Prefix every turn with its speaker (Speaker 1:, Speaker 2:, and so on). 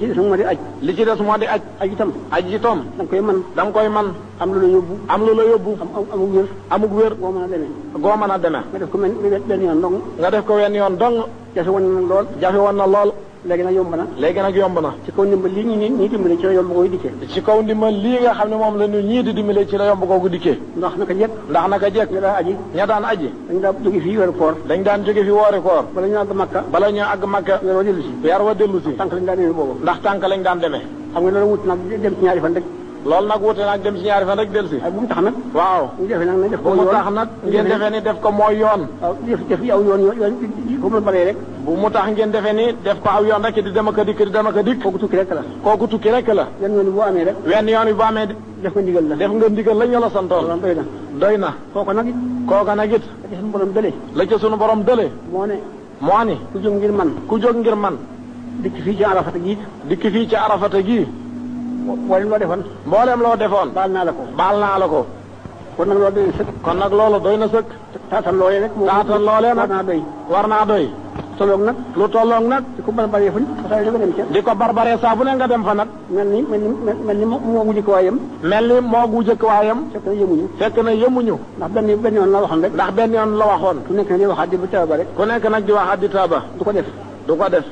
Speaker 1: li ci des moo di aj li ci des moo di aj aj itam aj itam da nga koy mën da nga koy mën am lu la yóbbu am lu la yóbbu am amug wér amug wér goo mën a demee goo a demee nga def ko benn yoon dong jafe woon na lool jafe woon na lool léegi nag yomb na léegi nag yomb na ci kaw ndimbal lii ñu ñii dimbale ci nga xam ne moom la ñu ñii di dimbale ci la yomb googu dikkee ndax naka jekk ndax naka jekk ña daan aji ña daan aji dañ daan jóge fii weeru koor dañ daan jóge fii woori koor bala ñu àgg makka bala ñu àgg makka weer wa dellu weer wa dellu tànk lañ daan demee xam nga loolu wut nag dem ci ñaari fan rek loolu nag wute nag dem si ñaari fan rek del si bu mu tax nag waaw bu mu tax nag def ko bu mu tax ngeen defee ni def ko mooy yoon waaw def def aw yoon bu mu rek bu mu tax ngeen defee ni def ko aw yoon rek di dem ak a dikk di dem ak a dikk tukki rek la kooku tukki rek la wenn yoon bi boo amee rek wenn yoon bi boo amee def nga ndigal la def nga ndigal la ñu la santoon doy na doy na kooka nag it kooka nag it la ca sunu borom dële la ca sunu borom dële moo ne moo ni ku jóg ngir man ku jóg ngir man dikk fii ci arafata gii dikk fii ci arafata gii mboolem loo defoon. boo loo defoon. baal naa la ko baal naa la ko. kon nag loolu doy na sëkk. kon nag loolu doy na sëkk. taatan loolee rek. taatan loolee nag war naa doy. war naa doy. tolloog nag. lu tolloog nag. di ko barbaree fu di ko barbaree saa bu ne nga dem fa nag. mel ni mel ni mel ni moo gu jëkk waayam. mel ni moo gu jëkk waayam. fekk na yëmuñu. fekk na yëmuñu. ndax benn benn yoon la waxoon rek. ndax benn yoon la waxoon. ku nekk nag di waxaat di taaba rek. ku nekk nag di waxaat di taaba. du ko def du ko def.